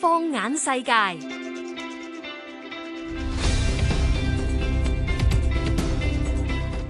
放眼世界，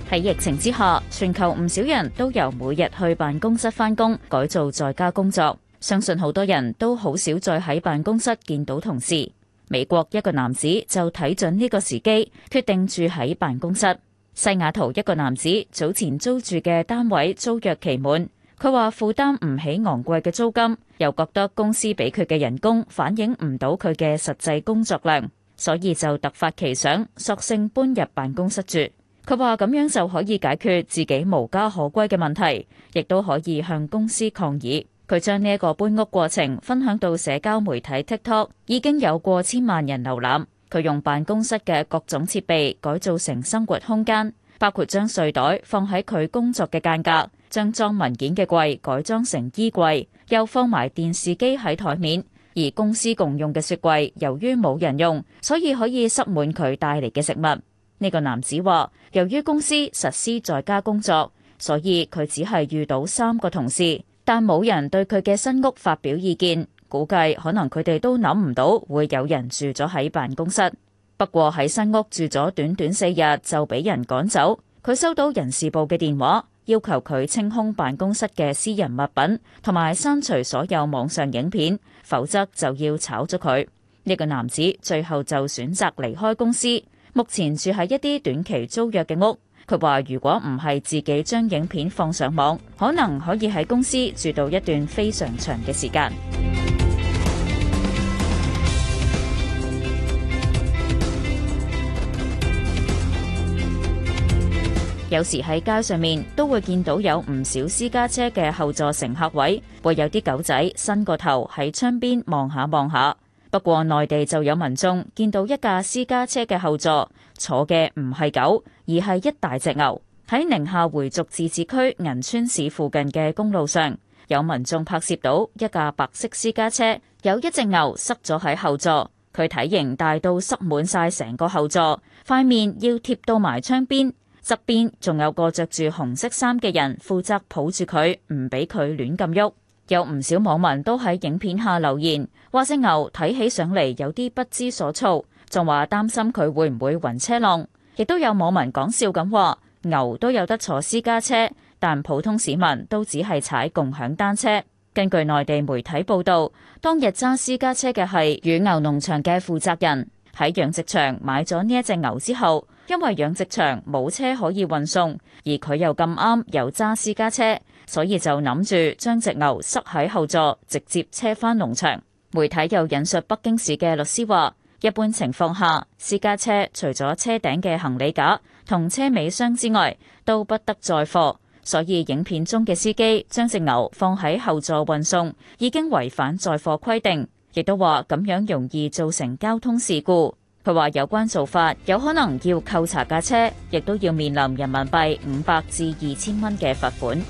喺疫情之下，全球唔少人都由每日去辦公室返工，改做在家工作。相信好多人都好少再喺辦公室見到同事。美國一個男子就睇準呢個時機，決定住喺辦公室。西雅圖一個男子早前租住嘅單位租約期滿。佢話負擔唔起昂貴嘅租金，又覺得公司俾佢嘅人工反映唔到佢嘅實際工作量，所以就突發奇想，索性搬入辦公室住。佢話咁樣就可以解決自己無家可歸嘅問題，亦都可以向公司抗議。佢將呢一個搬屋過程分享到社交媒體 TikTok，已經有過千萬人瀏覽。佢用辦公室嘅各種設備改造成生活空間，包括將睡袋放喺佢工作嘅間隔。將裝文件嘅櫃改裝成衣櫃，又放埋電視機喺台面。而公司共用嘅雪櫃，由於冇人用，所以可以塞滿佢帶嚟嘅食物。呢個男子話，由於公司實施在家工作，所以佢只係遇到三個同事，但冇人對佢嘅新屋發表意見。估計可能佢哋都諗唔到會有人住咗喺辦公室。不過喺新屋住咗短短四日就俾人趕走，佢收到人事部嘅電話。要求佢清空辦公室嘅私人物品，同埋刪除所有網上影片，否則就要炒咗佢。呢個男子最後就選擇離開公司，目前住喺一啲短期租約嘅屋。佢話如果唔係自己將影片放上網，可能可以喺公司住到一段非常長嘅時間。有時喺街上面都會見到有唔少私家車嘅後座乘客位，會有啲狗仔伸個頭喺窗邊望下望下。不過，內地就有民眾見到一架私家車嘅後座坐嘅唔係狗，而係一大隻牛。喺寧夏回族自治區銀川市附近嘅公路上，有民眾拍攝到一架白色私家車，有一隻牛塞咗喺後座，佢體型大到塞滿晒成個後座，塊面要貼到埋窗邊。側邊仲有個着住紅色衫嘅人，負責抱住佢，唔俾佢亂咁喐。有唔少網民都喺影片下留言，話隻牛睇起上嚟有啲不知所措，仲話擔心佢會唔會暈車浪。亦都有網民講笑咁話，牛都有得坐私家車，但普通市民都只係踩共享單車。根據內地媒體報導，當日揸私家車嘅係乳牛農場嘅負責人，喺養殖場買咗呢一隻牛之後。因為養殖場冇車可以運送，而佢又咁啱有揸私家車，所以就諗住將隻牛塞喺後座，直接車翻農場。媒體又引述北京市嘅律師話，一般情況下，私家車除咗車頂嘅行李架同車尾箱之外，都不得載貨。所以影片中嘅司機將隻牛放喺後座運送，已經違反載貨規定，亦都話咁樣容易造成交通事故。佢話：有關做法有可能要扣查架車，亦都要面臨人民幣五百至二千蚊嘅罰款。